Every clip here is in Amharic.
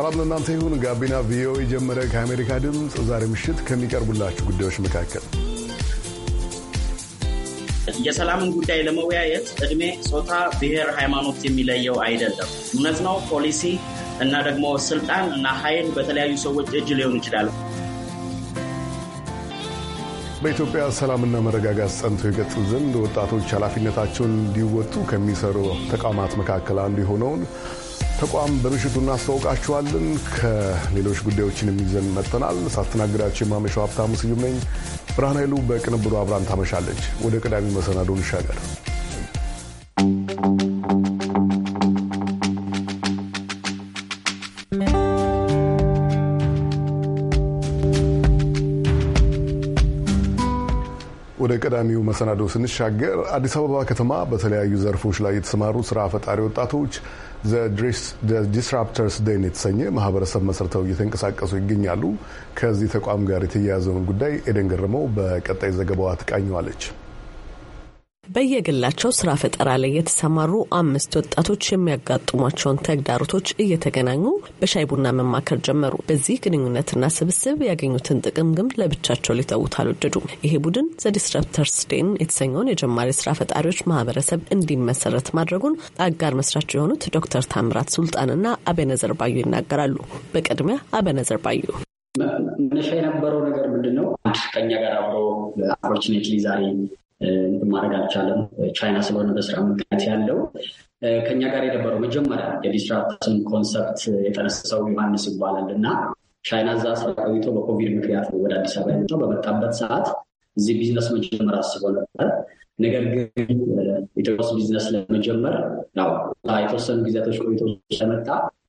ሰላም ለእናንተ ይሁን። ጋቢና ቪኦኤ ጀመረ። ከአሜሪካ ድምፅ ዛሬ ምሽት ከሚቀርቡላችሁ ጉዳዮች መካከል የሰላምን ጉዳይ ለመወያየት እድሜ፣ ጾታ፣ ብሔር፣ ሃይማኖት የሚለየው አይደለም። እውነት ነው። ፖሊሲ እና ደግሞ ስልጣን እና ኃይል በተለያዩ ሰዎች እጅ ሊሆን ይችላል። በኢትዮጵያ ሰላምና መረጋጋት ጸንቶ ይቀጥል ዘንድ ወጣቶች ኃላፊነታቸውን እንዲወጡ ከሚሰሩ ተቋማት መካከል አንዱ የሆነውን ተቋም በምሽቱ እናስተዋውቃችኋለን። ከሌሎች ጉዳዮችን የሚይዘን መጥተናል። ሳስተናግዳቸው የማመሻው ሀብታሙ ስዩም ነኝ። ብርሃን ኃይሉ በቅንብሩ አብራን ታመሻለች። ወደ ቀዳሚ መሰናዶ እንሻገር። ወደ ቀዳሚው መሰናዶ ስንሻገር አዲስ አበባ ከተማ በተለያዩ ዘርፎች ላይ የተሰማሩ ስራ ፈጣሪ ወጣቶች ዲስራፕተርስ ደን የተሰኘ ማህበረሰብ መስርተው እየተንቀሳቀሱ ይገኛሉ። ከዚህ ተቋም ጋር የተያያዘውን ጉዳይ ኤደን ገረመው በቀጣይ ዘገባዋ ትቃኘዋለች። በየግላቸው ስራ ፈጠራ ላይ የተሰማሩ አምስት ወጣቶች የሚያጋጥሟቸውን ተግዳሮቶች እየተገናኙ በሻይ ቡና መማከር ጀመሩ። በዚህ ግንኙነትና ስብስብ ያገኙትን ጥቅም ግን ለብቻቸው ሊተዉት አልወደዱም። ይሄ ቡድን ዘዲስረፕተርስ ዴን የተሰኘውን የጀማሪ ስራ ፈጣሪዎች ማህበረሰብ እንዲመሰረት ማድረጉን አጋር መስራች የሆኑት ዶክተር ታምራት ሱልጣንና አቤነዘር ባዩ ይናገራሉ። በቅድሚያ አቤነዘር ባዩ መነሻ የነበረው ነገር ምንድን ነው? አንድ ከኛ ጋር አብሮ አፖርቹኒቲ ዛሬ ማድረግ አልቻለም። ቻይና ስለሆነ በስራ ምክንያት ያለው ከኛ ጋር የነበረው መጀመሪያ የዲስትራክሽን ኮንሰፕት የጠነሰሰው ዮሐንስ ይባላል እና ቻይና እዛ ስራ ቆይቶ በኮቪድ ምክንያት ወደ አዲስ አበባ የመጣው። በመጣበት ሰዓት እዚህ ቢዝነስ መጀመር አስቦ ነበር። ነገር ግን ኢትዮጵያ ውስጥ ቢዝነስ ለመጀመር ያው የተወሰኑ ጊዜያቶች ቆይቶ ስለመጣ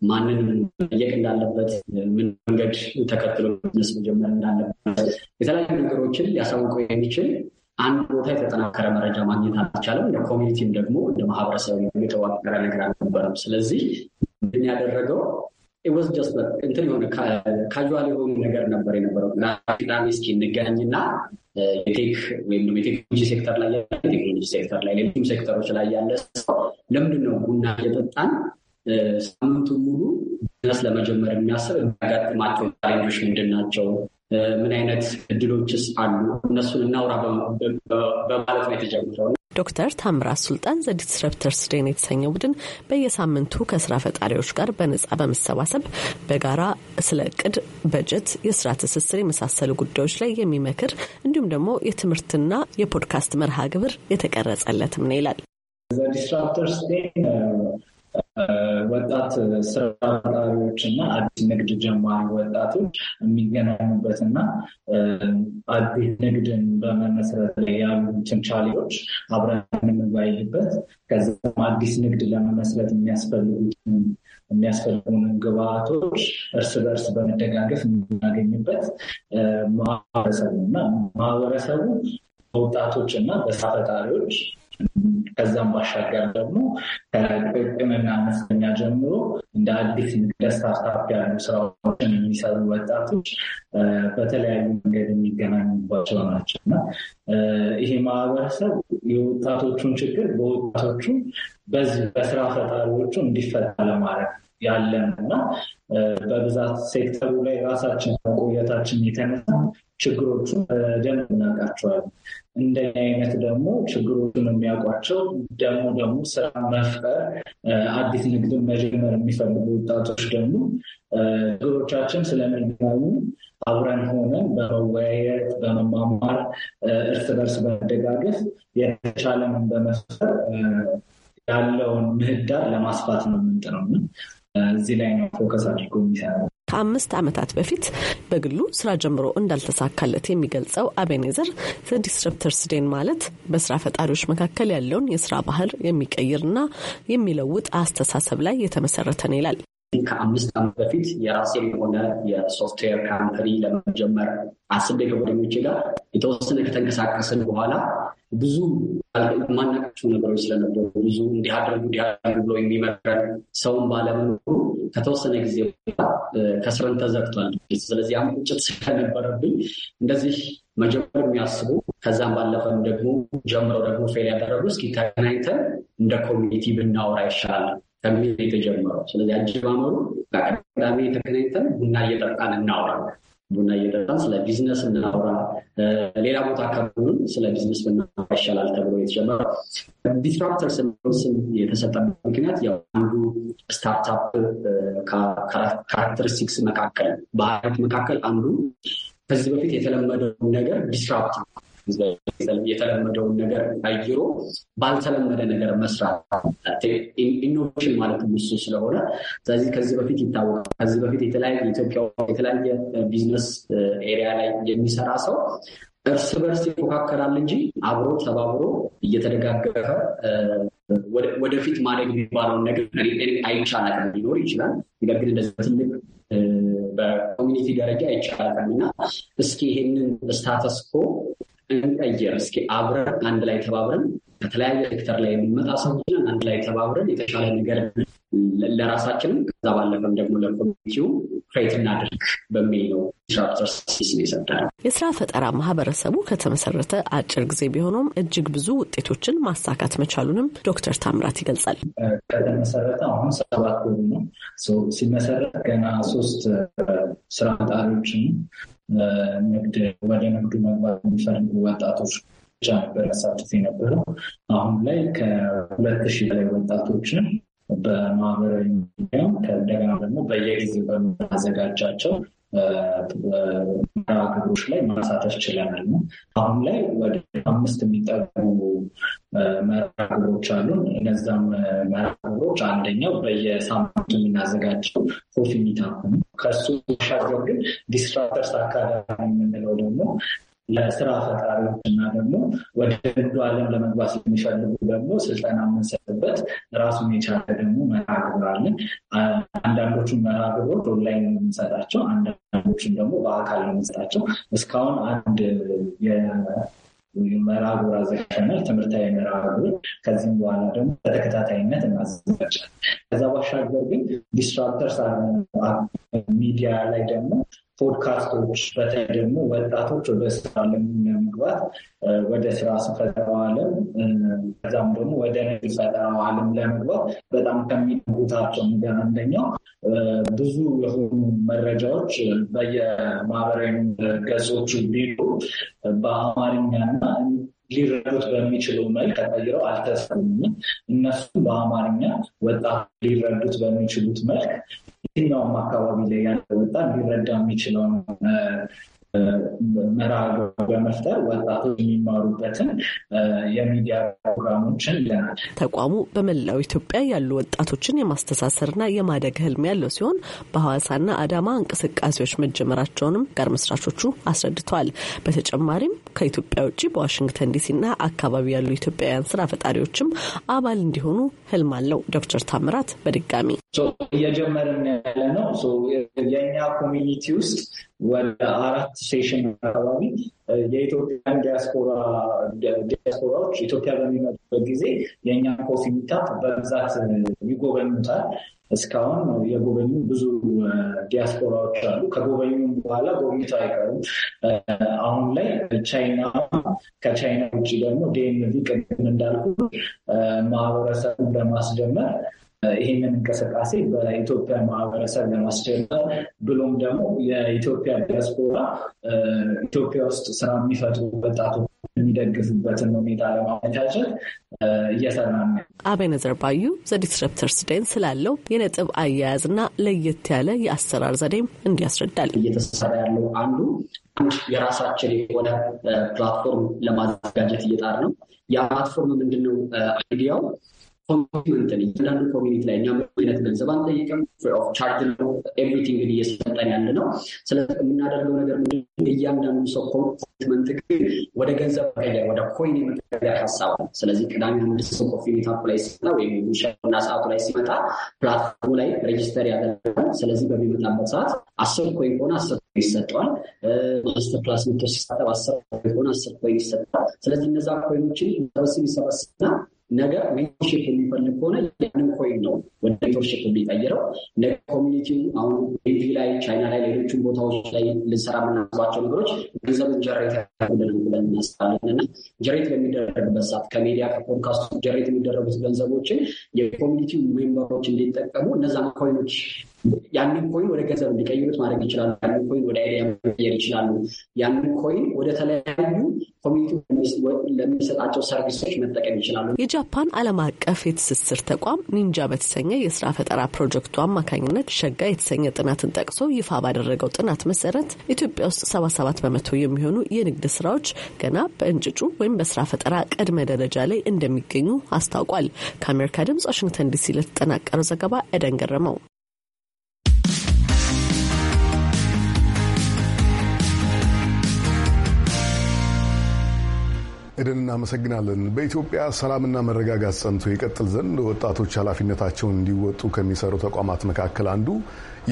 ማንን መጠየቅ እንዳለበት፣ ምን መንገድ ተከትሎ ቢዝነስ መጀመር እንዳለበት የተለያዩ ነገሮችን ሊያሳውቀው የሚችል አንድ ቦታ የተጠናከረ መረጃ ማግኘት አልቻለም። እንደ ኮሚኒቲም ደግሞ እንደ ማህበረሰብ የተዋቀረ ነገር አልነበረም። ስለዚህ ምንድን ያደረገው ወዝ ጀስት እንትን የሆነ ካዋል የሆኑ ነገር ነበር የነበረው። ቅዳሜ እስኪ እንገናኝና የቴክ ወይም የቴክኖሎጂ ሴክተር ላይ ያለ ቴክኖሎጂ ሴክተር ላይ ሌሎችም ሴክተሮች ላይ ያለ ሰው ለምንድን ነው ቡና እየጠጣን ሳምንቱ ሙሉ ቢዝነስ ለመጀመር የሚያስብ የሚያጋጥማቸው ቻሌንጆች ምንድን ናቸው? ምን አይነት እድሎችስ አሉ? እነሱን እናውራ በማለት ነው የተጀመረው። ዶክተር ታምራት ሱልጣን ዘዲስረፕተርስ ዴን የተሰኘ ቡድን በየሳምንቱ ከስራ ፈጣሪዎች ጋር በነጻ በመሰባሰብ በጋራ ስለ እቅድ፣ በጀት፣ የስራ ትስስር የመሳሰሉ ጉዳዮች ላይ የሚመክር እንዲሁም ደግሞ የትምህርትና የፖድካስት መርሃ ግብር የተቀረጸለትም ነው ይላል። ዘዲስራፕተርስ ዴን ወጣት ስራ ፈጣሪዎች እና አዲስ ንግድ ጀማሪ ወጣቶች የሚገናኙበት እና አዲስ ንግድን በመመስረት ላይ ያሉትን ቻሌዎች አብረን የምንወያይበት ከዚም አዲስ ንግድ ለመመስረት የሚያስፈልጉትን የሚያስፈልጉንን ግብአቶች እርስ በእርስ በመደጋገፍ የምናገኝበት ማህበረሰቡ እና ማህበረሰቡ በወጣቶች እና በስራ ፈጣሪዎች ከዛም ባሻገር ደግሞ ከቅቅምና አነስተኛ ጀምሮ እንደ አዲስ እንደ ስታርታፕ ያሉ ስራዎችን የሚሰሩ ወጣቶች በተለያዩ መንገድ የሚገናኙባቸው ናቸው እና ይሄ ማህበረሰብ የወጣቶቹን ችግር በወጣቶቹ በዚህ በስራ ፈጣሪዎቹ እንዲፈታ ለማድረግ ያለን እና በብዛት ሴክተሩ ላይ ራሳችን መቆየታችን የተነሳ ችግሮቹ ደንብ እናውቃቸዋለን። እንደዚህ አይነት ደግሞ ችግሮቹን የሚያውቋቸው ደግሞ ደግሞ ስራ መፍጠር አዲስ ንግድ መጀመር የሚፈልጉ ወጣቶች ደግሞ ችግሮቻችን ስለሚገናኙ አብረን ሆነን በመወያየት በመማማር እርስ በርስ በመደጋገፍ የተቻለንን በመፍጠር ያለውን ምህዳር ለማስፋት ነው የምንጥረው። እዚህ ላይ ነው ፎከስ አድርጎ የሚሰራው። ከአምስት ዓመታት በፊት በግሉ ስራ ጀምሮ እንዳልተሳካለት የሚገልጸው አቤኔዘር ዲስረፕተርስ ዴን ማለት በስራ ፈጣሪዎች መካከል ያለውን የስራ ባህል የሚቀይርና የሚለውጥ አስተሳሰብ ላይ የተመሰረተ ነው ይላል። ከአምስት ዓመት በፊት የራሴ የሆነ የሶፍትዌር ካምፕኒ ለመጀመር አስቤ ከጓደኞቼ ጋር የተወሰነ ከተንቀሳቀስን በኋላ ብዙ የማናቃቸው ነገሮች ስለነበሩ ብዙ እንዲያደርጉ እንዲያደርጉ ብሎ የሚመረን ሰውን ባለመኖሩ ከተወሰነ ጊዜ ከስረን ተዘግቷል። ስለዚህ ያም ቁጭት ስለነበረብኝ እንደዚህ መጀመር የሚያስቡ ከዛም ባለፈም ደግሞ ጀምረው ደግሞ ፌል ያደረጉ እስኪ ተገናኝተን እንደ ኮሚኒቲ ብናወራ ይሻላል ከሚል የተጀመረው። ስለዚህ አጀማመሩ ቅዳሜ ተገናኝተን ቡና እየጠጣን እናወራለን። ቡና እየጠጣን ስለ ቢዝነስ እናውራ፣ ሌላ ቦታ ከሆኑ ስለ ቢዝነስ ብናወራ ይሻላል ተብሎ የተጀመረ ዲስራፕተር ስም የተሰጠ ምክንያት አንዱ ስታርታፕ ካራክተሪስቲክስ መካከል ባህሪያት መካከል አንዱ ከዚህ በፊት የተለመደውን ነገር ዲስራፕት የተለመደውን ነገር አይሮ ባልተለመደ ነገር መስራት ኢኖቬሽን ማለት እሱ ስለሆነ ስለዚህ ከዚህ በፊት ይታወቃል። ከዚህ በፊት የተለያየ ኢትዮጵያ የተለያየ ቢዝነስ ኤሪያ ላይ የሚሰራ ሰው እርስ በርስ ይፎካከራል እንጂ አብሮ ተባብሮ እየተደጋገፈ ወደፊት ማደግ የሚባለውን ነገር አይቻላል። ሊኖር ይችላል፣ ነገር ግን እንደዚህ ትልቅ በኮሚኒቲ ደረጃ አይቻላል እና እስኪ ይሄንን ስታተስኮ እንቀየር እስኪ አብረን አንድ ላይ ተባብረን ከተለያየ ሴክተር ላይ የሚመጣ ሰዎች አንድ ላይ ተባብረን የተሻለ ነገር ለራሳችንም ከዛ ባለፈም ደግሞ ለኮሚኒቲው ክሬት እናድርግ በሚል ነው የስራ ፈጠራ ማህበረሰቡ ከተመሰረተ አጭር ጊዜ ቢሆኖም እጅግ ብዙ ውጤቶችን ማሳካት መቻሉንም ዶክተር ታምራት ይገልጻል። ከተመሰረተ አሁን ሰባት ወሩ ነው። ሲመሰረት ገና ሶስት ስራ ፈጣሪዎችን ንግድ ወደ ንግዱ መግባት የሚፈልጉ ወጣቶች ብቻ ነበር ያሳትፍ የነበረው። አሁን ላይ ከሁለት ሺህ በላይ ወጣቶችን በማህበራዊ ሚዲያ ከእንደገና ደግሞ በየጊዜው በምናዘጋጃቸው መርሃ ላይ ማሳተፍ ችለናል። አሁን ላይ ወደ አምስት የሚጠጉ መርሃ አሉን። እነዛም መርሃ አንደኛው በየሳምንቱ የምናዘጋጀው ኮፊ ሚታፕ ነው። ከሱ ሻገር ግን ዲስትራክተርስ አካዳሚ የምንለው ደግሞ ለስራ ፈጣሪዎች እና ደግሞ ወደ ንግዱ ዓለም ለመግባት የሚፈልጉ ደግሞ ስልጠና የምንሰጥበት ራሱን የቻለ ደግሞ መርሃ አለን። አንዳንዶቹን መርሃ ኦንላይን የምንሰጣቸው፣ አንዳንዶቹን ደግሞ በአካል የምንሰጣቸው። እስካሁን አንድ መርሃ ግብር አዘጋጅተናል፣ ትምህርታዊ መርሃ ከዚህም በኋላ ደግሞ በተከታታይነት እናዘጋጃለን። ከዛ ባሻገር ግን ዲስራፕተርስ ሚዲያ ላይ ደግሞ ፖድካስቶች በተለይ ደግሞ ወጣቶች ወደ ስራ ለመግባት ወደ ስራ ፈጠራው ዓለም ከዛም ደግሞ ወደ ንግድ ፈጠራው ዓለም ለመግባት በጣም ከሚጉታቸው ነገር አንደኛው ብዙ የሆኑ መረጃዎች በየማህበራዊ ገጾቹ ቢሉ በአማርኛና ሊረዱት በሚችሉ መልክ ተቀይረው አልተሰሩም። እነሱ በአማርኛ ወጣት ሊረዱት በሚችሉት መልክ የትኛውም አካባቢ ላይ ያለ ወጣት ሊረዳ የሚችለውን መርሃ በመፍጠር ወጣቶች የሚማሩበትን የሚዲያ ፕሮግራሞችን ይለናል። ተቋሙ በመላው ኢትዮጵያ ያሉ ወጣቶችን የማስተሳሰርና የማደግ ህልም ያለው ሲሆን በሐዋሳና አዳማ እንቅስቃሴዎች መጀመራቸውንም ጋር መስራቾቹ አስረድተዋል። በተጨማሪም ከኢትዮጵያ ውጭ በዋሽንግተን ዲሲና አካባቢ ያሉ ኢትዮጵያውያን ስራ ፈጣሪዎችም አባል እንዲሆኑ ህልም አለው። ዶክተር ታምራት በድጋሚ እየጀመርን ያለ ነው የእኛ ኮሚኒቲ ውስጥ ወደ አራት ሴሽን አካባቢ የኢትዮጵያን ዲያስፖራ ዲያስፖራዎች ኢትዮጵያ በሚመጡበት ጊዜ የእኛ ኮፊ ሚታፕ በብዛት ይጎበኙታል። እስካሁን የጎበኙ ብዙ ዲያስፖራዎች አሉ። ከጎበኙም በኋላ ጎብኝተው አይቀሩም። አሁን ላይ ቻይና፣ ከቻይና ውጭ ደግሞ ዴንቪ ቅድም እንዳልኩ ማህበረሰቡን በማስጀመር። ይህንን እንቅስቃሴ በኢትዮጵያ ማህበረሰብ ለማስጀመር ብሎም ደግሞ የኢትዮጵያ ዲያስፖራ ኢትዮጵያ ውስጥ ስራ የሚፈጥሩ ወጣቶች የሚደግፉበትን ሁኔታ ለማመቻቸት እየሰራ ነው። አቤነዘር ባዩ ዘዲስረፕተርስ ስደን ስላለው የነጥብ አያያዝ አያያዝና ለየት ያለ የአሰራር ዘዴም እንዲያስረዳል። እየተሰራ ያለው አንዱ አንድ የራሳችን የሆነ ፕላትፎርም ለማዘጋጀት እየጣር ነው። ያ ፕላትፎርም ምንድን ነው አይዲያው ኮሚትመንት እያንዳንዱ ኮሚኒቲ ላይ እኛ አይነት ገንዘብ አንጠይቅም። ፍሪ ኦፍ ቻርጅ ነው ኤቭሪቲንግ እየሰጠን ያለ ነው። ስለዚህ የምናደርገው ነገር ምንድን እያንዳንዱ ሰው ኮሚትመንት ግን ወደ ገንዘብ መቀየር ወደ ኮይን የመቀየር ሀሳብ ነው። ስለዚህ ቅዳሜ አንድ ሰው ኮፊ ሜታፕ ላይ ሲመጣ ወይም ሸና ሰዓቱ ላይ ሲመጣ ፕላትፎርሙ ላይ ሬጅስተር ያደርጋል። ስለዚህ በሚመጣበት ሰዓት አስር ኮይን ከሆነ አስር ኮይን ይሰጠዋል። ማስተር ክላስ መቶ ሲሳተፍ አስር ኮይን ከሆነ አስር ኮይን ይሰጠዋል። ስለዚህ እነዛ ኮይኖችን ሰብስብ ይሰበስብና ነገ ሜንቶርሺፕ የሚፈልግ ከሆነ ያንን ኮይን ነው ወደ ሜንቶርሺፕ የሚቀይረው። ነገ ኮሚኒቲ አሁን ቪ ላይ ቻይና ላይ ሌሎችን ቦታዎች ላይ ልንሰራ የምናስባቸው ነገሮች ገንዘብን ጀሬት ያደርግልን ብለን እናስባለን እና ጀሬት በሚደረግበት ሰዓት ከሚዲያ ከፖድካስቱ ጀሬት የሚደረጉት ገንዘቦችን የኮሚኒቲ ሜምበሮች እንዲጠቀሙ እነዛን ኮይኖች ያንን ኮይን ወደ ገንዘብ እንዲቀይሩት ማድረግ ይችላሉ። ያንን ኮይን ወደ አይዲያ መቀየር ይችላሉ። ያንን ኮይን ወደ ተለያዩ ኮሚኒቲ ለሚሰጣቸው ሰርቪሶች መጠቀም ይችላሉ። የጃፓን ዓለም አቀፍ የትስስር ተቋም ኒንጃ በተሰኘ የስራ ፈጠራ ፕሮጀክቱ አማካኝነት ሸጋ የተሰኘ ጥናትን ጠቅሶ ይፋ ባደረገው ጥናት መሰረት ኢትዮጵያ ውስጥ 77 በመቶ የሚሆኑ የንግድ ስራዎች ገና በእንጭጩ ወይም በስራ ፈጠራ ቅድመ ደረጃ ላይ እንደሚገኙ አስታውቋል። ከአሜሪካ ድምጽ ዋሽንግተን ዲሲ ለተጠናቀረው ዘገባ ኤደን ገረመው ኤደን እናመሰግናለን። በኢትዮጵያ ሰላምና መረጋጋት ጸንቶ ይቀጥል ዘንድ ወጣቶች ኃላፊነታቸውን እንዲወጡ ከሚሰሩ ተቋማት መካከል አንዱ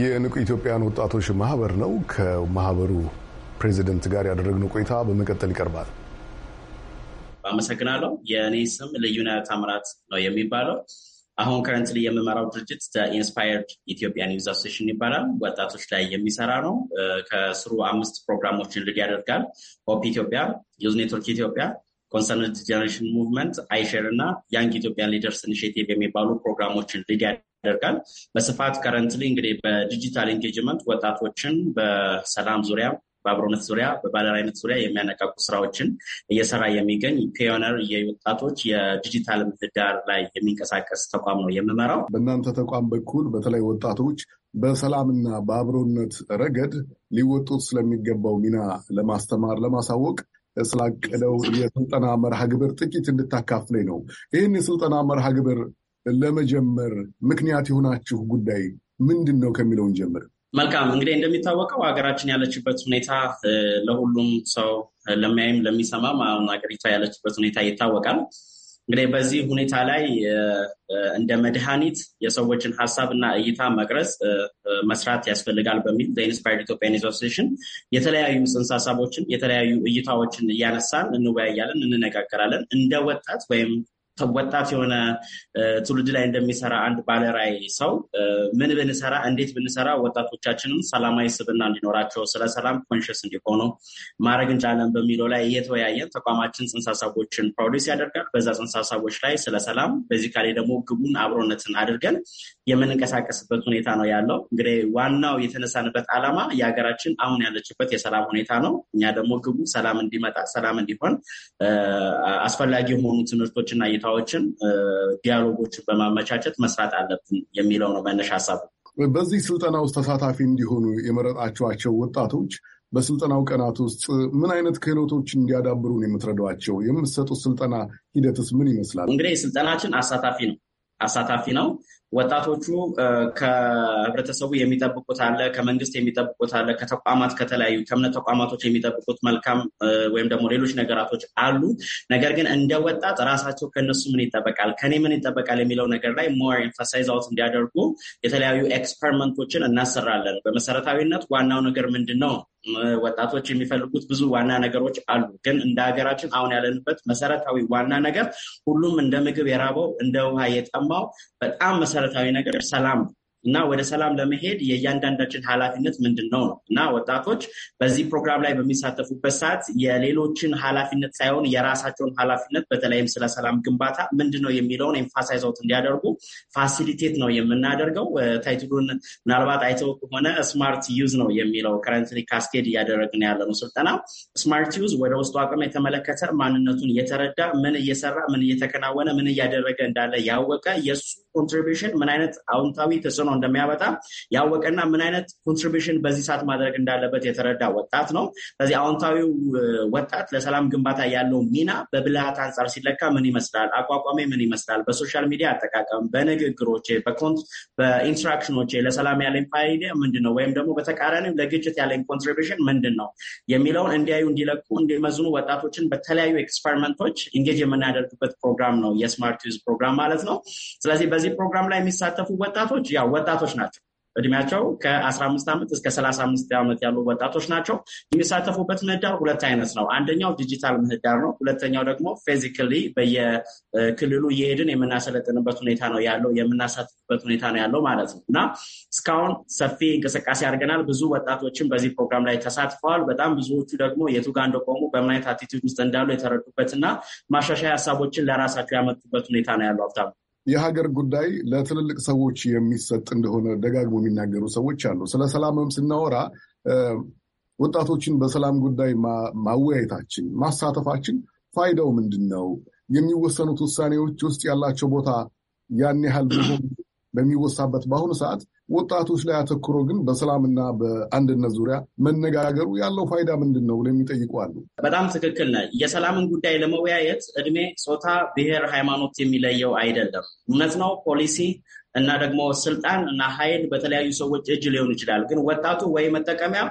የንቁ ኢትዮጵያን ወጣቶች ማህበር ነው። ከማህበሩ ፕሬዚደንት ጋር ያደረግነው ቆይታ በመቀጠል ይቀርባል። አመሰግናለሁ። የእኔ ስም ልዩነት ታምራት ነው የሚባለው። አሁን ከረንትሊ የምመራው ድርጅት ኢንስፓየርድ ኢትዮጵያን ዩዝ አሶሴሽን ይባላል። ወጣቶች ላይ የሚሰራ ነው። ከስሩ አምስት ፕሮግራሞችን ልድ ያደርጋል። ሆፕ ኢትዮጵያ፣ ዩዝ ኔትወርክ ኢትዮጵያ፣ ኮንሰርንድ ጀኔሬሽን ሙቭመንት አይሸር እና ያንግ ኢትዮጵያ ሊደርስ ኢኒሽቲቭ የሚባሉ ፕሮግራሞችን ሊድ ያደርጋል። በስፋት ከረንትሊ እንግዲህ በዲጂታል ኢንጌጅመንት ወጣቶችን በሰላም ዙሪያ በአብሮነት ዙሪያ በባለራዕይነት ዙሪያ የሚያነቃቁ ስራዎችን እየሰራ የሚገኝ ፒዮነር የወጣቶች የዲጂታል ምህዳር ላይ የሚንቀሳቀስ ተቋም ነው የምመራው። በእናንተ ተቋም በኩል በተለይ ወጣቶች በሰላምና በአብሮነት ረገድ ሊወጡት ስለሚገባው ሚና ለማስተማር፣ ለማሳወቅ ስላቀደው የስልጠና መርሃ ግብር ጥቂት እንድታካፍለኝ ነው። ይህን የስልጠና መርሃ ግብር ለመጀመር ምክንያት የሆናችሁ ጉዳይ ምንድን ነው ከሚለውን ጀምር። መልካም እንግዲህ እንደሚታወቀው ሀገራችን ያለችበት ሁኔታ ለሁሉም ሰው ለሚያይም ለሚሰማም አሁን ሀገሪቷ ያለችበት ሁኔታ ይታወቃል። እንግዲህ በዚህ ሁኔታ ላይ እንደ መድኃኒት የሰዎችን ሀሳብ እና እይታ መቅረጽ መስራት ያስፈልጋል በሚል ኢንስፓየርድ ኢትዮጵያን አሶሲዬሽን የተለያዩ ጽንሰ ሀሳቦችን የተለያዩ እይታዎችን እያነሳን እንወያያለን፣ እንነጋገራለን። እንደ ወጣት ወይም ወጣት የሆነ ትውልድ ላይ እንደሚሰራ አንድ ባለራይ ሰው ምን ብንሰራ እንዴት ብንሰራ ወጣቶቻችንም ሰላማዊ ስብና እንዲኖራቸው ስለ ሰላም ኮንሽስ እንዲሆኑ ማድረግ እንችላለን በሚለው ላይ እየተወያየን ተቋማችን ጽንሰ ሀሳቦችን ፕሮዲስ ያደርጋል። በዛ ጽንሰ ሀሳቦች ላይ ስለ ሰላም በዚህ ካሌ ደግሞ ግቡን አብሮነትን አድርገን የምንንቀሳቀስበት ሁኔታ ነው ያለው። እንግዲህ ዋናው የተነሳንበት ዓላማ የሀገራችን አሁን ያለችበት የሰላም ሁኔታ ነው። እኛ ደግሞ ግቡ ሰላም እንዲመጣ ሰላም እንዲሆን አስፈላጊ የሆኑ ትምህርቶችና እይታ ሁኔታዎችን፣ ዲያሎጎችን በማመቻቸት መስራት አለብን የሚለው ነው መነሻ ሀሳቡ። በዚህ ስልጠና ውስጥ ተሳታፊ እንዲሆኑ የመረጣችኋቸው ወጣቶች በስልጠናው ቀናት ውስጥ ምን አይነት ክህሎቶች ነው የምትረዷቸው? የምትሰጡት ስልጠና ሂደትስ ምን ይመስላል? እንግዲህ ስልጠናችን አሳታፊ ነው አሳታፊ ነው ወጣቶቹ ከህብረተሰቡ የሚጠብቁት አለ፣ ከመንግስት የሚጠብቁት አለ፣ ከተቋማት ከተለያዩ ከእምነት ተቋማቶች የሚጠብቁት መልካም ወይም ደግሞ ሌሎች ነገራቶች አሉ። ነገር ግን እንደ ወጣት ራሳቸው ከነሱ ምን ይጠበቃል፣ ከኔ ምን ይጠበቃል የሚለው ነገር ላይ ሞር ኤንፈሳይዝ አውት እንዲያደርጉ የተለያዩ ኤክስፐሪመንቶችን እናሰራለን። በመሰረታዊነት ዋናው ነገር ምንድን ነው? ወጣቶች የሚፈልጉት ብዙ ዋና ነገሮች አሉ። ግን እንደ ሀገራችን አሁን ያለንበት መሰረታዊ ዋና ነገር ሁሉም እንደ ምግብ የራበው እንደ ውሃ የጠማው በጣም መሰረታዊ ነገር ሰላም ነው። እና ወደ ሰላም ለመሄድ የእያንዳንዳችን ኃላፊነት ምንድን ነው ነው እና ወጣቶች በዚህ ፕሮግራም ላይ በሚሳተፉበት ሰዓት የሌሎችን ኃላፊነት ሳይሆን የራሳቸውን ኃላፊነት በተለይም ስለ ሰላም ግንባታ ምንድን ነው የሚለውን ኤምፋሳይዘውት እንዲያደርጉ ፋሲሊቴት ነው የምናደርገው። ታይትሉን ምናልባት አይተው ከሆነ ስማርት ዩዝ ነው የሚለው ከረንትሊ ካስኬድ እያደረግን ያለ ነው ስልጠና። ስማርት ዩዝ ወደ ውስጡ አቅም የተመለከተ ማንነቱን የተረዳ ምን እየሰራ ምን እየተከናወነ ምን እያደረገ እንዳለ ያወቀ የእሱ ኮንትሪቢሽን ምን አይነት አውንታዊ ተጽዕኖ ነው እንደሚያመጣ ያወቀና ምን አይነት ኮንትሪቢሽን በዚህ ሰዓት ማድረግ እንዳለበት የተረዳ ወጣት ነው። ስለዚህ አዎንታዊው ወጣት ለሰላም ግንባታ ያለው ሚና በብልሃት አንጻር ሲለካ ምን ይመስላል? አቋቋሜ ምን ይመስላል? በሶሻል ሚዲያ አጠቃቀም፣ በንግግሮቼ፣ በኢንስትራክሽኖቼ ለሰላም ያለኝ ፋይዳ ምንድን ነው? ወይም ደግሞ በተቃራኒው ለግጭት ያለኝ ኮንትሪቢሽን ምንድን ነው የሚለውን እንዲያዩ፣ እንዲለቁ፣ እንዲመዝኑ ወጣቶችን በተለያዩ ኤክስፐሪመንቶች ኢንጌጅ የምናደርግበት ፕሮግራም ነው የስማርት ዩዝ ፕሮግራም ማለት ነው። ስለዚህ በዚህ ፕሮግራም ላይ የሚሳተፉ ወጣቶች ያው ወጣቶች ናቸው። እድሜያቸው ከ15 ዓመት እስከ 35 ዓመት ያሉ ወጣቶች ናቸው። የሚሳተፉበት ምህዳር ሁለት አይነት ነው። አንደኛው ዲጂታል ምህዳር ነው። ሁለተኛው ደግሞ ፊዚካሊ በየክልሉ እየሄድን የምናሰለጥንበት ሁኔታ ነው ያለው፣ የምናሳትፍበት ሁኔታ ነው ያለው ማለት ነው እና እስካሁን ሰፊ እንቅስቃሴ አድርገናል። ብዙ ወጣቶችን በዚህ ፕሮግራም ላይ ተሳትፈዋል። በጣም ብዙዎቹ ደግሞ የቱ ጋር እንደቆሙ በምን አይነት ውስጥ እንዳሉ የተረዱበት እና ማሻሻያ ሀሳቦችን ለራሳቸው ያመጡበት ሁኔታ ነው ያለው አብታ። የሀገር ጉዳይ ለትልልቅ ሰዎች የሚሰጥ እንደሆነ ደጋግሞ የሚናገሩ ሰዎች አሉ። ስለ ሰላምም ስናወራ ወጣቶችን በሰላም ጉዳይ ማወያየታችን፣ ማሳተፋችን ፋይዳው ምንድን ነው? የሚወሰኑት ውሳኔዎች ውስጥ ያላቸው ቦታ ያን ያህል በሚወሳበት በአሁኑ ሰዓት ወጣቶች ላይ አተኩሮ ግን በሰላምና በአንድነት ዙሪያ መነጋገሩ ያለው ፋይዳ ምንድን ነው ብለው የሚጠይቁ አሉ። በጣም ትክክል ነ። የሰላምን ጉዳይ ለመወያየት እድሜ፣ ጾታ፣ ብሔር፣ ሃይማኖት የሚለየው አይደለም። እውነት ነው ፖሊሲ እና ደግሞ ስልጣን እና ኃይል በተለያዩ ሰዎች እጅ ሊሆን ይችላል። ግን ወጣቱ ወይ መጠቀሚያ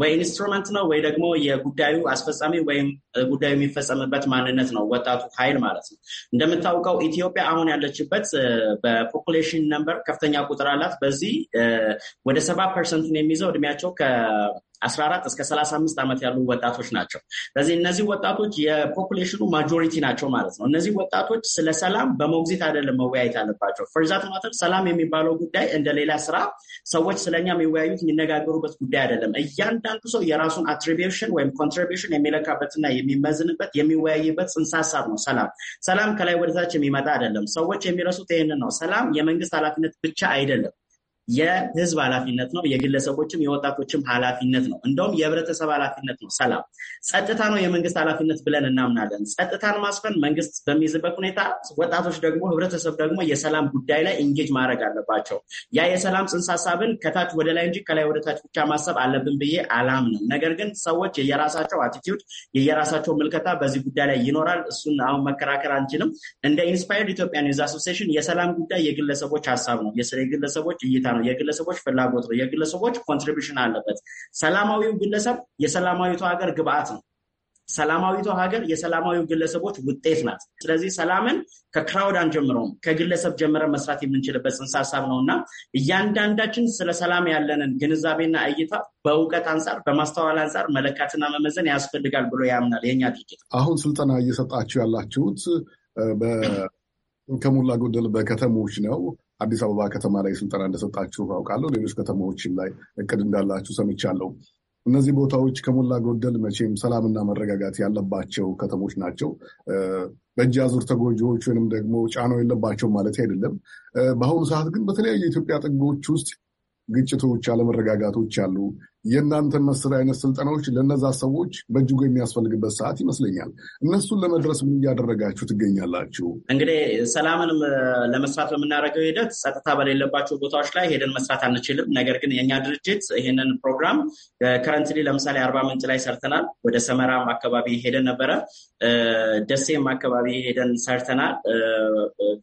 ወይ ኢንስትሩመንት ነው ወይ ደግሞ የጉዳዩ አስፈጻሚ ወይም ጉዳዩ የሚፈጸምበት ማንነት ነው ወጣቱ ኃይል ማለት ነው። እንደምታውቀው ኢትዮጵያ አሁን ያለችበት በፖፑሌሽን ነምበር ከፍተኛ ቁጥር አላት። በዚህ ወደ ሰባ ፐርሰንቱን የሚይዘው እድሜያቸው 14 እስከ 35 ዓመት ያሉ ወጣቶች ናቸው። ስለዚህ እነዚህ ወጣቶች የፖፑሌሽኑ ማጆሪቲ ናቸው ማለት ነው። እነዚህ ወጣቶች ስለ ሰላም በሞግዚት አይደለም መወያየት አለባቸው። ፈርዛት ማተር ሰላም የሚባለው ጉዳይ እንደ ሌላ ስራ ሰዎች ስለኛ የሚወያዩት የሚነጋገሩበት ጉዳይ አይደለም። እያንዳንዱ ሰው የራሱን አትሪቢሽን ወይም ኮንትሪቢሽን የሚለካበትና የሚመዝንበት የሚወያይበት ጽንሰ ሀሳብ ነው። ሰላም ሰላም ከላይ ወደታች የሚመጣ አይደለም። ሰዎች የሚረሱት ይህንን ነው። ሰላም የመንግስት ኃላፊነት ብቻ አይደለም። የህዝብ ኃላፊነት ነው። የግለሰቦችም የወጣቶችም ኃላፊነት ነው። እንደውም የህብረተሰብ ኃላፊነት ነው። ሰላም ጸጥታ ነው የመንግስት ኃላፊነት ብለን እናምናለን። ጸጥታን ማስፈን መንግስት በሚይዝበት ሁኔታ ወጣቶች ደግሞ ህብረተሰብ ደግሞ የሰላም ጉዳይ ላይ ኢንጌጅ ማድረግ አለባቸው። ያ የሰላም ጽንሰ ሀሳብን ከታች ወደ ላይ እንጂ ከላይ ወደ ታች ብቻ ማሰብ አለብን ብዬ አላምንም። ነገር ግን ሰዎች የየራሳቸው አቲቲዩድ የየራሳቸው ምልከታ በዚህ ጉዳይ ላይ ይኖራል። እሱን አሁን መከራከር አንችልም። እንደ ኢንስፓየርድ ኢትዮጵያ ዩዝ አሶሲሽን የሰላም ጉዳይ የግለሰቦች ሀሳብ ነው፣ የግለሰቦች እይታ ነው፣ የግለሰቦች ፍላጎት ነው፣ የግለሰቦች ኮንትሪቢሽን አለበት። ሰላማዊው ግለሰብ የሰላማዊቷ ሀገር ግብአት ነው። ሰላማዊቷ ሀገር የሰላማዊ ግለሰቦች ውጤት ናት። ስለዚህ ሰላምን ከክራውድ አንጀምረውም ከግለሰብ ጀምረን መስራት የምንችልበት ጽንሰ ሀሳብ ነው እና እያንዳንዳችን ስለ ሰላም ያለንን ግንዛቤና እይታ በእውቀት አንጻር በማስተዋል አንጻር መለካትና መመዘን ያስፈልጋል ብሎ ያምናል የኛ ድርጅት። አሁን ስልጠና እየሰጣችሁ ያላችሁት ከሞላ ጎደል በከተሞች ነው። አዲስ አበባ ከተማ ላይ ስልጠና እንደሰጣችሁ አውቃለሁ። ሌሎች ከተማዎችም ላይ እቅድ እንዳላችሁ ሰምቻለሁ። እነዚህ ቦታዎች ከሞላ ጎደል መቼም ሰላምና መረጋጋት ያለባቸው ከተሞች ናቸው። በእጅ አዙር ተጎጂዎች ወይንም ደግሞ ጫናው የለባቸው ማለት አይደለም። በአሁኑ ሰዓት ግን በተለያዩ የኢትዮጵያ ጥጎች ውስጥ ግጭቶች፣ አለመረጋጋቶች አሉ። የእናንተን መሰል አይነት ስልጠናዎች ለነዛ ሰዎች በእጅጉ የሚያስፈልግበት ሰዓት ይመስለኛል። እነሱን ለመድረስ ምን እያደረጋችሁ ትገኛላችሁ? እንግዲህ ሰላምን ለመስራት በምናደርገው ሂደት ጸጥታ በሌለባቸው ቦታዎች ላይ ሄደን መስራት አንችልም። ነገር ግን የእኛ ድርጅት ይህንን ፕሮግራም ከረንትሊ ለምሳሌ አርባ ምንጭ ላይ ሰርተናል። ወደ ሰመራም አካባቢ ሄደን ነበረ። ደሴም አካባቢ ሄደን ሰርተናል።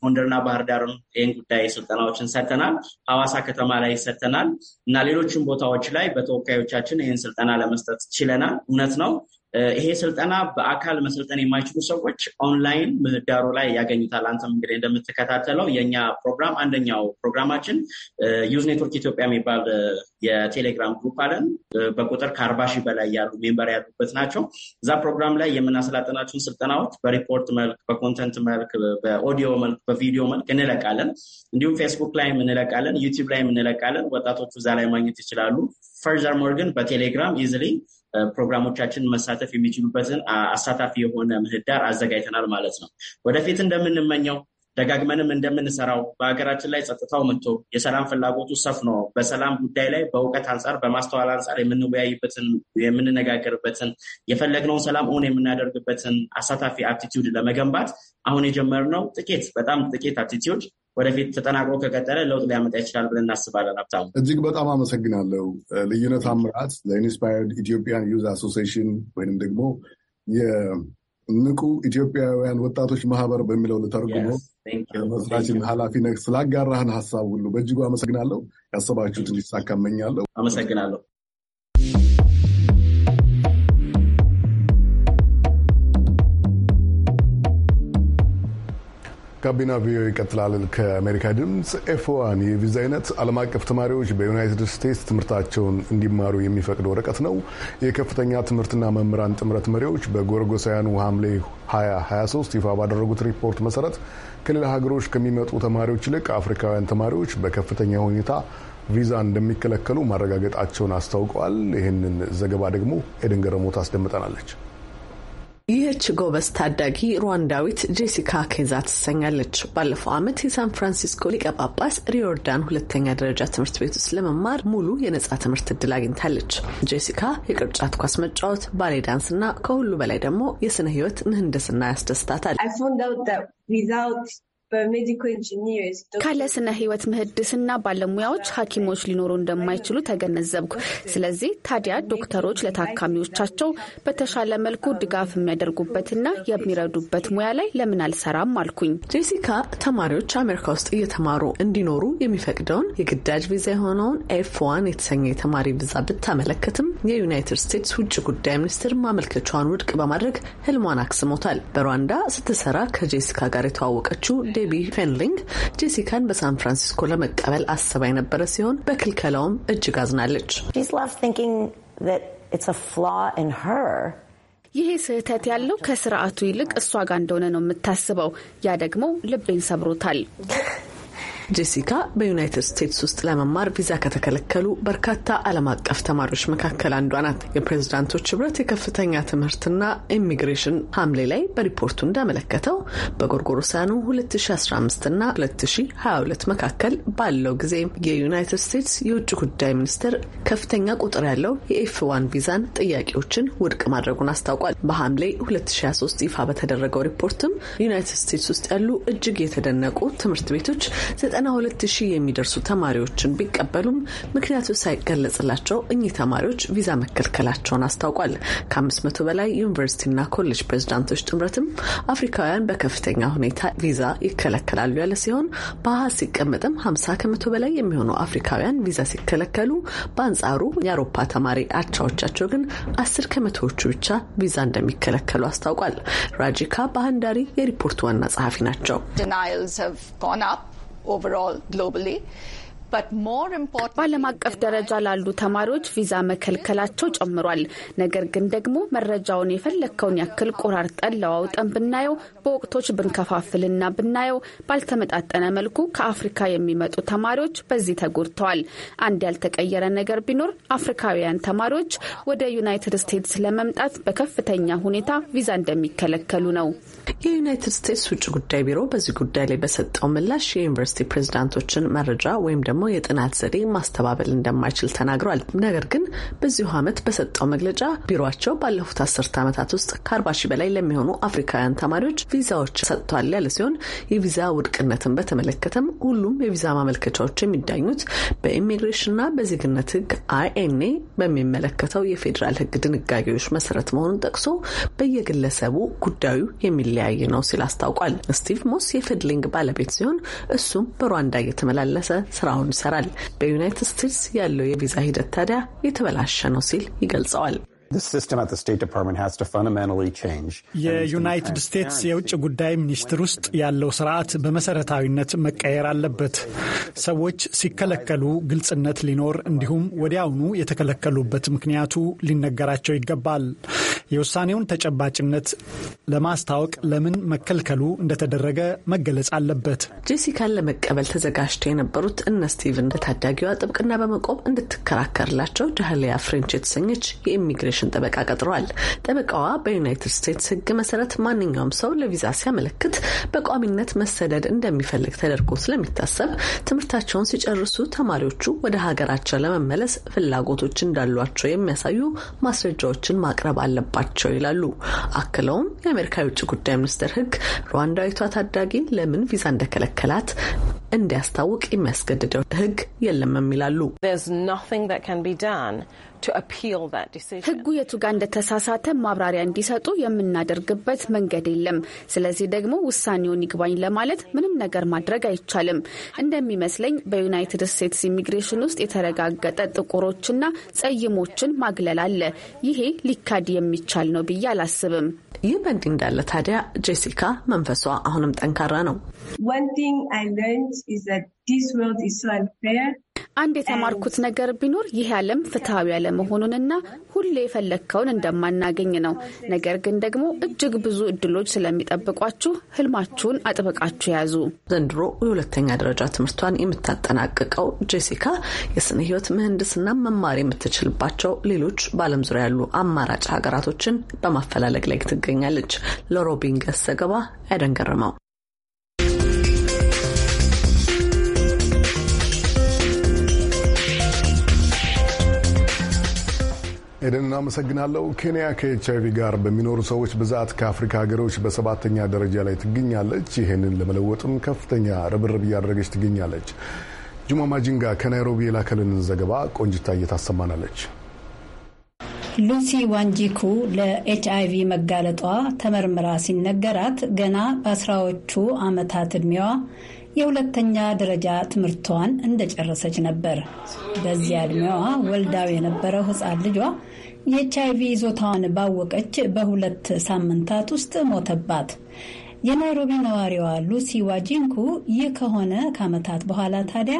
ጎንደርና ባህር ዳርም ይህን ጉዳይ ስልጠናዎችን ሰርተናል። ሐዋሳ ከተማ ላይ ሰርተናል እና ሌሎችም ቦታዎች ላይ በተወካ ተወካዮቻችን ይህን ስልጠና ለመስጠት ችለናል። እውነት ነው ይሄ ስልጠና በአካል መሰልጠን የማይችሉ ሰዎች ኦንላይን ምህዳሩ ላይ ያገኙታል። አንተም እንግዲህ እንደምትከታተለው የኛ ፕሮግራም አንደኛው ፕሮግራማችን ዩዝ ኔትወርክ ኢትዮጵያ የሚባል የቴሌግራም ግሩፕ አለን። በቁጥር ከአርባ ሺህ በላይ ያሉ ሜምበር ያሉበት ናቸው። እዛ ፕሮግራም ላይ የምናሰላጠናቸውን ስልጠናዎች በሪፖርት መልክ፣ በኮንተንት መልክ፣ በኦዲዮ መልክ፣ በቪዲዮ መልክ እንለቃለን። እንዲሁም ፌስቡክ ላይም እንለቃለን፣ ዩቲዩብ ላይም እንለቃለን። ወጣቶቹ እዛ ላይ ማግኘት ይችላሉ። ፈርዘር ሞር ግን በቴሌግራም ኢዝሊ ፕሮግራሞቻችን መሳተፍ የሚችሉበትን አሳታፊ የሆነ ምህዳር አዘጋጅተናል ማለት ነው። ወደፊት እንደምንመኘው ደጋግመንም እንደምንሰራው በሀገራችን ላይ ጸጥታው መጥቶ የሰላም ፍላጎቱ ሰፍኖ በሰላም ጉዳይ ላይ በእውቀት አንጻር በማስተዋል አንጻር የምንወያይበትን የምንነጋገርበትን የፈለግነውን ሰላም እውን የምናደርግበትን አሳታፊ አፕቲቲዩድ ለመገንባት አሁን የጀመርነው ጥቂት በጣም ጥቂት አፕቲቲዩድ ወደፊት ተጠናቅሮ ከቀጠለ ለውጥ ሊያመጣ ይችላል ብለን እናስባለን። ሀብታሙ፣ እጅግ በጣም አመሰግናለሁ። ልዩነት አምራት ለኢንስፓየርድ ኢትዮጵያን ዩዝ አሶሲሽን ወይም ደግሞ የንቁ ኢትዮጵያውያን ወጣቶች ማህበር በሚለው ልተርጉሞ መስራችን ኃላፊ ነህ። ስላጋራህን ሀሳብ ሁሉ በእጅጉ አመሰግናለሁ። ያሰባችሁትን ሊሳካ እመኛለሁ። አመሰግናለሁ። ጋቢና ቪኦኤ ይቀጥላል። ከአሜሪካ ድምፅ ኤፍዋን የቪዛ አይነት ዓለም አቀፍ ተማሪዎች በዩናይትድ ስቴትስ ትምህርታቸውን እንዲማሩ የሚፈቅድ ወረቀት ነው። የከፍተኛ ትምህርትና መምህራን ጥምረት መሪዎች በጎረጎሳውያኑ ሐምሌ 2023 ይፋ ባደረጉት ሪፖርት መሰረት ከሌላ ሀገሮች ከሚመጡ ተማሪዎች ይልቅ አፍሪካውያን ተማሪዎች በከፍተኛ ሁኔታ ቪዛ እንደሚከለከሉ ማረጋገጣቸውን አስታውቀዋል። ይህንን ዘገባ ደግሞ ኤደን ገረሞ ታስደምጠናለች። ይህች ጎበዝ ታዳጊ ሩዋንዳዊት ጄሲካ ኬዛ ትሰኛለች። ባለፈው ዓመት የሳን ፍራንሲስኮ ሊቀ ጳጳስ ሪዮርዳን ሁለተኛ ደረጃ ትምህርት ቤት ውስጥ ለመማር ሙሉ የነጻ ትምህርት እድል አግኝታለች። ጄሲካ የቅርጫት ኳስ መጫወት፣ ባሌ ዳንስ እና ከሁሉ በላይ ደግሞ የስነ ህይወት ምህንድስና ያስደስታታል። ካለ ስነ ህይወት ምህድስና ባለሙያዎች ሐኪሞች ሊኖሩ እንደማይችሉ ተገነዘብኩ። ስለዚህ ታዲያ ዶክተሮች ለታካሚዎቻቸው በተሻለ መልኩ ድጋፍ የሚያደርጉበትና የሚረዱበት ሙያ ላይ ለምን አልሰራም አልኩኝ። ጄሲካ ተማሪዎች አሜሪካ ውስጥ እየተማሩ እንዲኖሩ የሚፈቅደውን የግዳጅ ቪዛ የሆነውን ኤፍ ዋን የተሰኘ የተማሪ ቪዛ ብታመለከትም የዩናይትድ ስቴትስ ውጭ ጉዳይ ሚኒስትር ማመልከቻዋን ውድቅ በማድረግ ህልሟን አክስሞታል። በሩዋንዳ ስትሰራ ከጄሲካ ጋር የተዋወቀችው ቤቢ ፌንሊንግ ጄሲካን በሳን ፍራንሲስኮ ለመቀበል አስባ የነበረ ሲሆን በክልከላውም እጅግ አዝናለች። ይሄ ስህተት ያለው ከስርዓቱ ይልቅ እሷ ጋር እንደሆነ ነው የምታስበው። ያ ደግሞ ልቤን ሰብሮታል። ጄሲካ በዩናይትድ ስቴትስ ውስጥ ለመማር ቪዛ ከተከለከሉ በርካታ ዓለም አቀፍ ተማሪዎች መካከል አንዷ ናት። የፕሬዝዳንቶች ህብረት የከፍተኛ ትምህርትና ኢሚግሬሽን ሐምሌ ላይ በሪፖርቱ እንዳመለከተው በጎርጎሮሳኑ 2015ና 2022 መካከል ባለው ጊዜ የዩናይትድ ስቴትስ የውጭ ጉዳይ ሚኒስቴር ከፍተኛ ቁጥር ያለው የኤፍ ዋን ቪዛን ጥያቄዎችን ውድቅ ማድረጉን አስታውቋል። በሐምሌ 2023 ይፋ በተደረገው ሪፖርትም ዩናይትድ ስቴትስ ውስጥ ያሉ እጅግ የተደነቁ ትምህርት ቤቶች ሁለት ሺህ የሚደርሱ ተማሪዎችን ቢቀበሉም ምክንያቱ ሳይገለጽላቸው እኚህ ተማሪዎች ቪዛ መከልከላቸውን አስታውቋል ከአምስት መቶ በላይ ዩኒቨርሲቲና ኮሌጅ ፕሬዚዳንቶች ጥምረትም አፍሪካውያን በከፍተኛ ሁኔታ ቪዛ ይከለከላሉ ያለ ሲሆን በአሃዝ ሲቀመጥም ሀምሳ ከመቶ በላይ የሚሆኑ አፍሪካውያን ቪዛ ሲከለከሉ፣ በአንጻሩ የአውሮፓ ተማሪ አቻዎቻቸው ግን አስር ከመቶዎቹ ብቻ ቪዛ እንደሚከለከሉ አስታውቋል። ራጂካ ባህንዳሪ የሪፖርቱ ዋና ጸሐፊ ናቸው። overall globally. በዓለም አቀፍ ደረጃ ላሉ ተማሪዎች ቪዛ መከልከላቸው ጨምሯል። ነገር ግን ደግሞ መረጃውን የፈለግከውን ያክል ቆራርጠን ለዋውጠን ብናየው፣ በወቅቶች ብንከፋፍልና ብናየው ባልተመጣጠነ መልኩ ከአፍሪካ የሚመጡ ተማሪዎች በዚህ ተጎድተዋል። አንድ ያልተቀየረ ነገር ቢኖር አፍሪካውያን ተማሪዎች ወደ ዩናይትድ ስቴትስ ለመምጣት በከፍተኛ ሁኔታ ቪዛ እንደሚከለከሉ ነው። የዩናይትድ ስቴትስ ውጭ ጉዳይ ቢሮ በዚህ ጉዳይ ላይ በሰጠው ምላሽ የዩኒቨርሲቲ ፕሬዚዳንቶችን መረጃ ወይም ደግሞ ደግሞ የጥናት ዘዴ ማስተባበል እንደማይችል ተናግሯል። ነገር ግን በዚሁ ዓመት በሰጠው መግለጫ ቢሮቸው ባለፉት አስርት ዓመታት ውስጥ ከአርባ ሺህ በላይ ለሚሆኑ አፍሪካውያን ተማሪዎች ቪዛዎች ሰጥቷል ያለ ሲሆን የቪዛ ውድቅነትን በተመለከተም ሁሉም የቪዛ ማመልከቻዎች የሚዳኙት በኢሚግሬሽንና በዜግነት ህግ አይኤንኤ በሚመለከተው የፌዴራል ህግ ድንጋጌዎች መሰረት መሆኑን ጠቅሶ በየግለሰቡ ጉዳዩ የሚለያይ ነው ሲል አስታውቋል። ስቲቭ ሞስ የፌድሊንግ ባለቤት ሲሆን እሱም በሩዋንዳ እየተመላለሰ ስራውን ይሰራል። በዩናይትድ ስቴትስ ያለው የቪዛ ሂደት ታዲያ የተበላሸ ነው ሲል ይገልጸዋል። የዩናይትድ ስቴትስ የውጭ ጉዳይ ሚኒስቴር ውስጥ ያለው ስርዓት በመሰረታዊነት መቀየር አለበት። ሰዎች ሲከለከሉ ግልጽነት ሊኖር እንዲሁም ወዲያውኑ የተከለከሉበት ምክንያቱ ሊነገራቸው ይገባል። የውሳኔውን ተጨባጭነት ለማስታወቅ ለምን መከልከሉ እንደተደረገ መገለጽ አለበት። ጄሲካን ለመቀበል ተዘጋጅተው የነበሩት እነ ስቲቭን ለታዳጊዋ ጥብቅና በመቆም እንድትከራከርላቸው ዳህሊያ ፍሬንች የተሰኘች የኢሚግሬሽን የኢሚግሬሽን ጠበቃ ቀጥሯል። ጠበቃዋ በዩናይትድ ስቴትስ ሕግ መሰረት ማንኛውም ሰው ለቪዛ ሲያመለክት በቋሚነት መሰደድ እንደሚፈልግ ተደርጎ ስለሚታሰብ ትምህርታቸውን ሲጨርሱ ተማሪዎቹ ወደ ሀገራቸው ለመመለስ ፍላጎቶች እንዳሏቸው የሚያሳዩ ማስረጃዎችን ማቅረብ አለባቸው ይላሉ። አክለውም የአሜሪካ የውጭ ጉዳይ ሚኒስትር ሕግ ሩዋንዳዊቷ ታዳጊ ለምን ቪዛ እንደከለከላት እንዲያስታውቅ የሚያስገድደው ህግ የለም ይላሉ። ህጉ የቱ ጋር እንደተሳሳተ ማብራሪያ እንዲሰጡ የምናደርግበት መንገድ የለም። ስለዚህ ደግሞ ውሳኔውን ይግባኝ ለማለት ምንም ነገር ማድረግ አይቻልም። እንደሚመስለኝ በዩናይትድ ስቴትስ ኢሚግሬሽን ውስጥ የተረጋገጠ ጥቁሮችና ጸይሞችን ማግለል አለ። ይሄ ሊካድ የሚቻል ነው ብዬ አላስብም። ይህ በእንዲህ እንዳለ ታዲያ ጄሲካ መንፈሷ አሁንም ጠንካራ ነው። አንድ የተማርኩት ነገር ቢኖር ይህ ዓለም ፍትሐዊ ያለመሆኑንና ሁሌ የፈለግከውን እንደማናገኝ ነው። ነገር ግን ደግሞ እጅግ ብዙ እድሎች ስለሚጠብቋችሁ ህልማችሁን አጥብቃችሁ ያዙ። ዘንድሮ የሁለተኛ ደረጃ ትምህርቷን የምታጠናቅቀው ጄሲካ የስነ ህይወት ምህንድስና መማር የምትችልባቸው ሌሎች በዓለም ዙሪያ ያሉ አማራጭ ሀገራቶችን በማፈላለግ ላይ ትገኛለች። ለሮቢንገስ ዘገባ አይደን ገረመው ኤደን እናመሰግናለሁ። ኬንያ ከኤች አይቪ ጋር በሚኖሩ ሰዎች ብዛት ከአፍሪካ ሀገሮች በሰባተኛ ደረጃ ላይ ትገኛለች። ይህንን ለመለወጥም ከፍተኛ ርብርብ እያደረገች ትገኛለች። ጁማ ማጂንጋ ከናይሮቢ የላከልንን ዘገባ ቆንጅታ እየታሰማናለች። ሉሲ ዋንጂኩ ለኤች አይቪ መጋለጧ ተመርምራ ሲነገራት ገና በአስራዎቹ ዓመታት ዕድሜዋ የሁለተኛ ደረጃ ትምህርቷን እንደጨረሰች ነበር። በዚያ ዕድሜዋ ወልዳው የነበረው ሕፃን ልጇ የኤች አይቪ ይዞታዋን ባወቀች በሁለት ሳምንታት ውስጥ ሞተባት። የናይሮቢ ነዋሪዋ ሉሲ ዋጂንኩ ይህ ከሆነ ከዓመታት በኋላ ታዲያ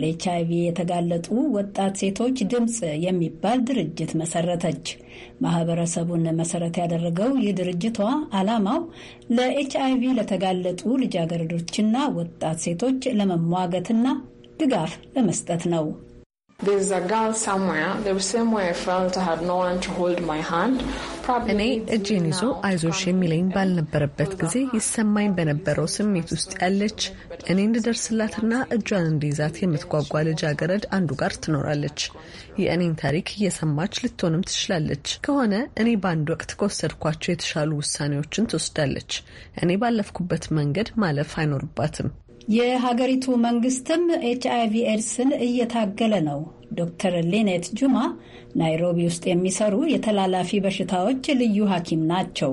ለኤች አይቪ የተጋለጡ ወጣት ሴቶች ድምፅ የሚባል ድርጅት መሰረተች። ማህበረሰቡን መሰረት ያደረገው ይህ ድርጅቷ ዓላማው ለኤች አይቪ ለተጋለጡ ልጃገረዶችና ወጣት ሴቶች ለመሟገትና ድጋፍ ለመስጠት ነው። There's a girl somewhere, the same way I felt I had no one to hold my hand. እኔ እጄን ይዞ አይዞሽ የሚለኝ ባልነበረበት ጊዜ ይሰማኝ በነበረው ስሜት ውስጥ ያለች እኔ እንድደርስላትና እጇን እንዲይዛት የምትጓጓ ልጃገረድ አንዱ ጋር ትኖራለች። የእኔን ታሪክ እየሰማች ልትሆንም ትችላለች። ከሆነ እኔ በአንድ ወቅት ከወሰድኳቸው የተሻሉ ውሳኔዎችን ትወስዳለች። እኔ ባለፍኩበት መንገድ ማለፍ አይኖርባትም። የሀገሪቱ መንግስትም ኤች አይቪ ኤድስን እየታገለ ነው። ዶክተር ሊኔት ጁማ ናይሮቢ ውስጥ የሚሰሩ የተላላፊ በሽታዎች ልዩ ሐኪም ናቸው።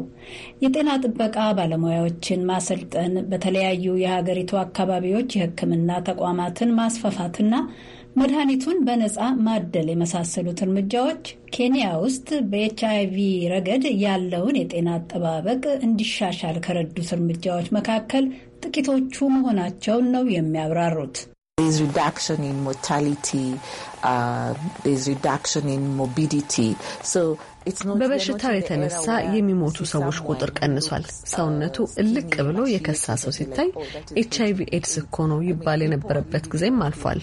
የጤና ጥበቃ ባለሙያዎችን ማሰልጠን፣ በተለያዩ የሀገሪቱ አካባቢዎች የሕክምና ተቋማትን ማስፋፋትና መድኃኒቱን በነጻ ማደል የመሳሰሉት እርምጃዎች ኬንያ ውስጥ በኤች አይ ቪ ረገድ ያለውን የጤና አጠባበቅ እንዲሻሻል ከረዱት እርምጃዎች መካከል ጥቂቶቹ መሆናቸውን ነው የሚያብራሩት። ሪዳክሽን ኢን ሪዳክሽን ሞቢዲቲ በበሽታው የተነሳ የሚሞቱ ሰዎች ቁጥር ቀንሷል። uh, ሰውነቱ እልቅ ብሎ የከሳ ሰው ሲታይ ኤች አይቪ ኤድስ እኮ ነው ይባል የነበረበት ጊዜም አልፏል።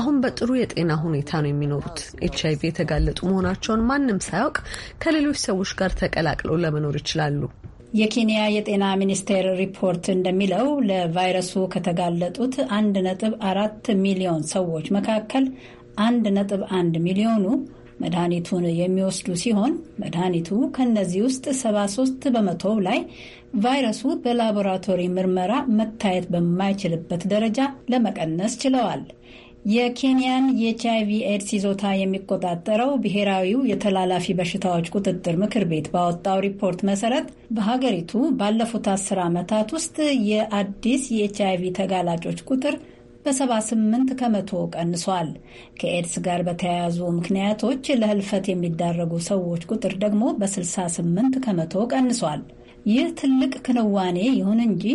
አሁን በጥሩ የጤና ሁኔታ ነው የሚኖሩት። ኤች አይቪ የተጋለጡ መሆናቸውን ማንም ሳያውቅ ከሌሎች ሰዎች ጋር ተቀላቅለው ለመኖር ይችላሉ። የኬንያ የጤና ሚኒስቴር ሪፖርት እንደሚለው ለቫይረሱ ከተጋለጡት አንድ ነጥብ አራት ሚሊዮን ሰዎች መካከል አንድ ነጥብ አንድ ሚሊዮኑ መድኃኒቱን የሚወስዱ ሲሆን መድኃኒቱ ከእነዚህ ውስጥ 73 በመቶ ላይ ቫይረሱ በላቦራቶሪ ምርመራ መታየት በማይችልበት ደረጃ ለመቀነስ ችለዋል። የኬንያን የኤች አይቪ ኤድስ ይዞታ የሚቆጣጠረው ብሔራዊው የተላላፊ በሽታዎች ቁጥጥር ምክር ቤት ባወጣው ሪፖርት መሰረት በሀገሪቱ ባለፉት አስር ዓመታት ውስጥ የአዲስ የኤች አይቪ ተጋላጮች ቁጥር በ78 ከመቶ ቀንሷል። ከኤድስ ጋር በተያያዙ ምክንያቶች ለህልፈት የሚዳረጉ ሰዎች ቁጥር ደግሞ በ68 ከመቶ ቀንሷል። ይህ ትልቅ ክንዋኔ ይሁን እንጂ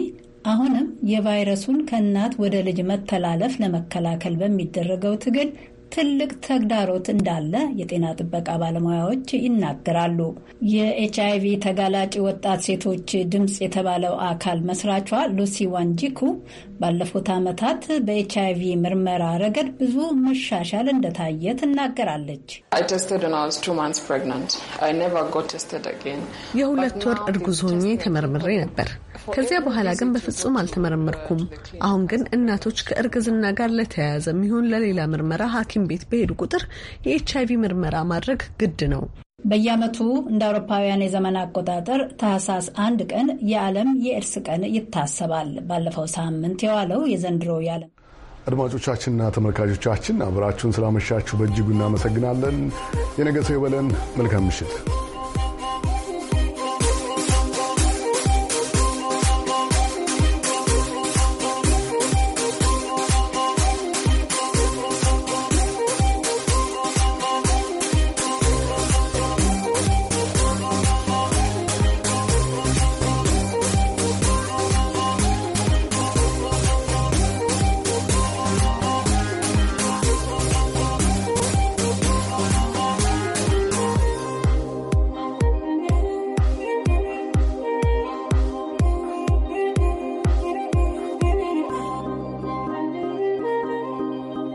አሁንም የቫይረሱን ከእናት ወደ ልጅ መተላለፍ ለመከላከል በሚደረገው ትግል ትልቅ ተግዳሮት እንዳለ የጤና ጥበቃ ባለሙያዎች ይናገራሉ። የኤች አይቪ ተጋላጭ ወጣት ሴቶች ድምፅ የተባለው አካል መስራቿ ሉሲ ዋንጂኩ ባለፉት ዓመታት በኤች አይቪ ምርመራ ረገድ ብዙ መሻሻል እንደታየ ትናገራለች። የሁለት ወር እርጉዝ ሆኜ ተመርምሬ ነበር። ከዚያ በኋላ ግን በፍጹም አልተመረመርኩም። አሁን ግን እናቶች ከእርግዝና ጋር ለተያያዘ የሚሆን ለሌላ ምርመራ ሐኪም ቤት በሄዱ ቁጥር የኤች አይቪ ምርመራ ማድረግ ግድ ነው። በየዓመቱ እንደ አውሮፓውያን የዘመን አቆጣጠር ታህሳስ አንድ ቀን የዓለም የኤድስ ቀን ይታሰባል። ባለፈው ሳምንት የዋለው የዘንድሮ የዓለም አድማጮቻችንና ተመልካቾቻችን አብራችሁን ስላመሻችሁ በእጅጉ እናመሰግናለን። የነገ ሰው ይበለን። መልካም ምሽት።